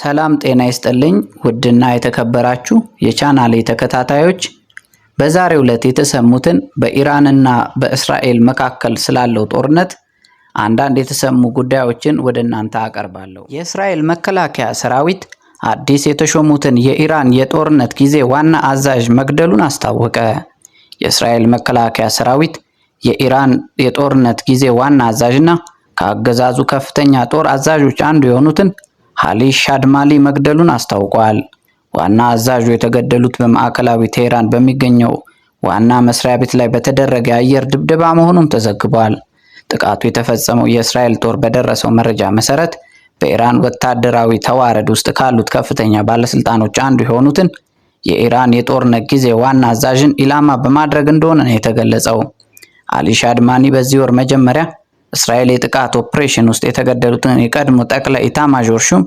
ሰላም ጤና ይስጥልኝ ውድና የተከበራችሁ የቻናሌ ተከታታዮች በዛሬው ዕለት የተሰሙትን በኢራንና በእስራኤል መካከል ስላለው ጦርነት አንዳንድ የተሰሙ ጉዳዮችን ወደ እናንተ አቀርባለሁ። የእስራኤል መከላከያ ሰራዊት አዲስ የተሾሙትን የኢራን የጦርነት ጊዜ ዋና አዛዥ መግደሉን አስታወቀ። የእስራኤል መከላከያ ሰራዊት የኢራን የጦርነት ጊዜ ዋና አዛዥና ከአገዛዙ ከፍተኛ ጦር አዛዦች አንዱ የሆኑትን ሃሊ ሻድማሊ መግደሉን አስታውቋል። ዋና አዛዡ የተገደሉት በማዕከላዊ ቴህራን በሚገኘው ዋና መስሪያ ቤት ላይ በተደረገ የአየር ድብደባ መሆኑም ተዘግቧል። ጥቃቱ የተፈጸመው የእስራኤል ጦር በደረሰው መረጃ መሰረት በኢራን ወታደራዊ ተዋረድ ውስጥ ካሉት ከፍተኛ ባለስልጣኖች አንዱ የሆኑትን የኢራን የጦርነት ጊዜ ዋና አዛዥን ኢላማ በማድረግ እንደሆነ ነው የተገለጸው። አሊ ሻድማኒ በዚህ ወር መጀመሪያ እስራኤል የጥቃት ኦፕሬሽን ውስጥ የተገደሉትን የቀድሞ ጠቅላይ ኢታማዦር ሹም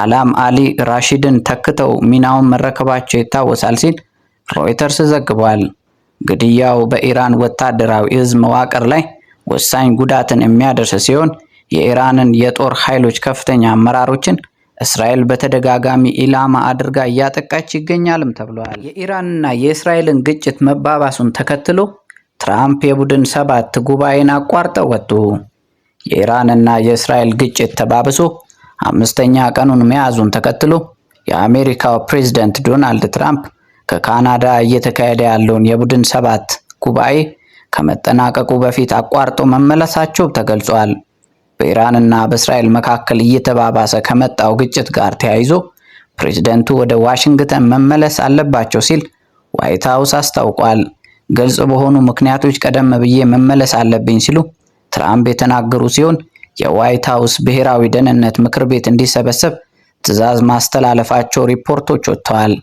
አላም አሊ ራሺድን ተክተው ሚናውን መረከባቸው ይታወሳል ሲል ሮይተርስ ዘግቧል። ግድያው በኢራን ወታደራዊ ህዝብ መዋቅር ላይ ወሳኝ ጉዳትን የሚያደርስ ሲሆን የኢራንን የጦር ኃይሎች ከፍተኛ አመራሮችን እስራኤል በተደጋጋሚ ኢላማ አድርጋ እያጠቃች ይገኛልም ተብሏል። የኢራንና የእስራኤልን ግጭት መባባሱን ተከትሎ ትራምፕ የቡድን ሰባት ጉባኤን አቋርጠው ወጡ። የኢራንና የእስራኤል ግጭት ተባብሶ አምስተኛ ቀኑን መያዙን ተከትሎ የአሜሪካው ፕሬዝደንት ዶናልድ ትራምፕ ከካናዳ እየተካሄደ ያለውን የቡድን ሰባት ጉባኤ ከመጠናቀቁ በፊት አቋርጦ መመለሳቸው ተገልጿል። በኢራንና በእስራኤል መካከል እየተባባሰ ከመጣው ግጭት ጋር ተያይዞ ፕሬዝደንቱ ወደ ዋሽንግተን መመለስ አለባቸው ሲል ዋይት ሀውስ አስታውቋል። ግልጽ በሆኑ ምክንያቶች ቀደም ብዬ መመለስ አለብኝ ሲሉ ትራምፕ የተናገሩ ሲሆን የዋይት ሀውስ ብሔራዊ ደህንነት ምክር ቤት እንዲሰበሰብ ትዕዛዝ ማስተላለፋቸው ሪፖርቶች ወጥተዋል።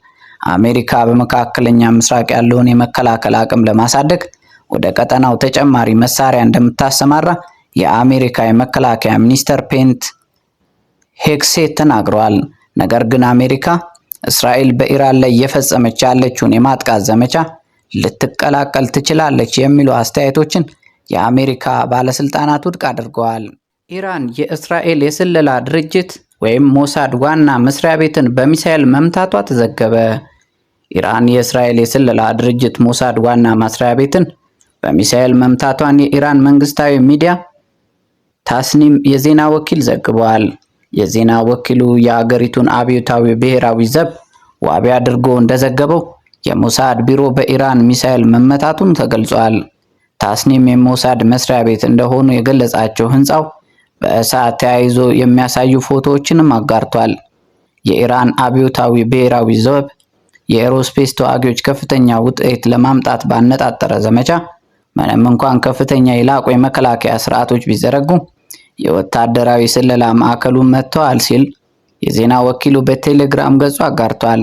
አሜሪካ በመካከለኛ ምስራቅ ያለውን የመከላከል አቅም ለማሳደግ ወደ ቀጠናው ተጨማሪ መሳሪያ እንደምታሰማራ የአሜሪካ የመከላከያ ሚኒስተር ፔንት ሄግሴት ተናግረዋል። ነገር ግን አሜሪካ እስራኤል በኢራን ላይ እየፈጸመች ያለችውን የማጥቃት ዘመቻ ልትቀላቀል ትችላለች የሚሉ አስተያየቶችን የአሜሪካ ባለስልጣናት ውድቅ አድርገዋል። ኢራን የእስራኤል የስለላ ድርጅት ወይም ሞሳድ ዋና መስሪያ ቤትን በሚሳኤል መምታቷ ተዘገበ። ኢራን የእስራኤል የስለላ ድርጅት ሞሳድ ዋና መስሪያ ቤትን በሚሳኤል መምታቷን የኢራን መንግስታዊ ሚዲያ ታስኒም የዜና ወኪል ዘግቧል። የዜና ወኪሉ የአገሪቱን አብዮታዊ ብሔራዊ ዘብ ዋቢ አድርጎ እንደዘገበው የሞሳድ ቢሮ በኢራን ሚሳኤል መመታቱም ተገልጿል። ታስኒም የሞሳድ መስሪያ ቤት እንደሆኑ የገለጻቸው ህንፃው በእሳት ተያይዞ የሚያሳዩ ፎቶዎችንም አጋርቷል። የኢራን አብዮታዊ ብሔራዊ ዘብ የኤሮስፔስ ተዋጊዎች ከፍተኛ ውጤት ለማምጣት ባነጣጠረ ዘመቻ ምንም እንኳን ከፍተኛ የላቁ የመከላከያ ስርዓቶች ቢዘረጉ የወታደራዊ ስለላ ማዕከሉን መጥተዋል ሲል የዜና ወኪሉ በቴሌግራም ገጹ አጋርቷል።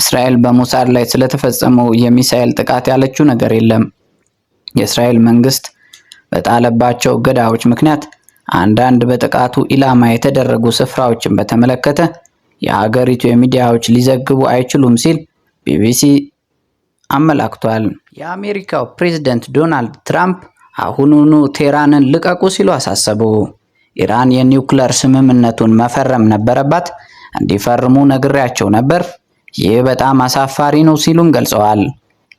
እስራኤል በሞሳድ ላይ ስለተፈጸመው የሚሳኤል ጥቃት ያለችው ነገር የለም። የእስራኤል መንግስት በጣለባቸው እገዳዎች ምክንያት አንዳንድ በጥቃቱ ኢላማ የተደረጉ ስፍራዎችን በተመለከተ የሀገሪቱ የሚዲያዎች ሊዘግቡ አይችሉም ሲል ቢቢሲ አመላክቷል። የአሜሪካው ፕሬዝደንት ዶናልድ ትራምፕ አሁኑኑ ቴራንን ልቀቁ ሲሉ አሳሰቡ። ኢራን የኒውክለር ስምምነቱን መፈረም ነበረባት። እንዲፈርሙ ነግሬያቸው ነበር ይህ በጣም አሳፋሪ ነው ሲሉም ገልጸዋል።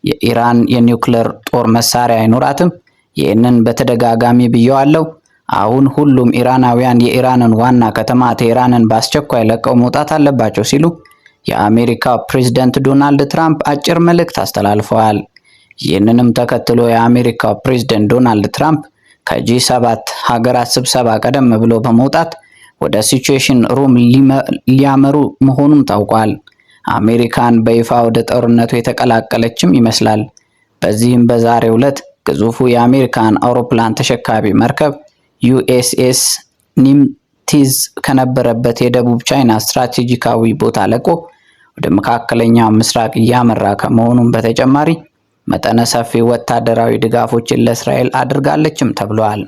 የኢራን የኒውክሌር ጦር መሳሪያ አይኖራትም። ይህንን በተደጋጋሚ ብየዋለው። አሁን ሁሉም ኢራናውያን የኢራንን ዋና ከተማ ቴህራንን በአስቸኳይ ለቀው መውጣት አለባቸው ሲሉ የአሜሪካ ፕሬዝደንት ዶናልድ ትራምፕ አጭር መልእክት አስተላልፈዋል። ይህንንም ተከትሎ የአሜሪካ ፕሬዝደንት ዶናልድ ትራምፕ ከጂ ሰባት ሀገራት ስብሰባ ቀደም ብሎ በመውጣት ወደ ሲቹዌሽን ሩም ሊያመሩ መሆኑም ታውቋል። አሜሪካን በይፋ ወደ ጦርነቱ የተቀላቀለችም ይመስላል። በዚህም በዛሬው ዕለት ግዙፉ የአሜሪካን አውሮፕላን ተሸካቢ መርከብ ዩኤስኤስ ኒምቲዝ ከነበረበት የደቡብ ቻይና ስትራቴጂካዊ ቦታ ለቆ ወደ መካከለኛው ምስራቅ እያመራ ከመሆኑም በተጨማሪ መጠነ ሰፊ ወታደራዊ ድጋፎችን ለእስራኤል አድርጋለችም ተብለዋል።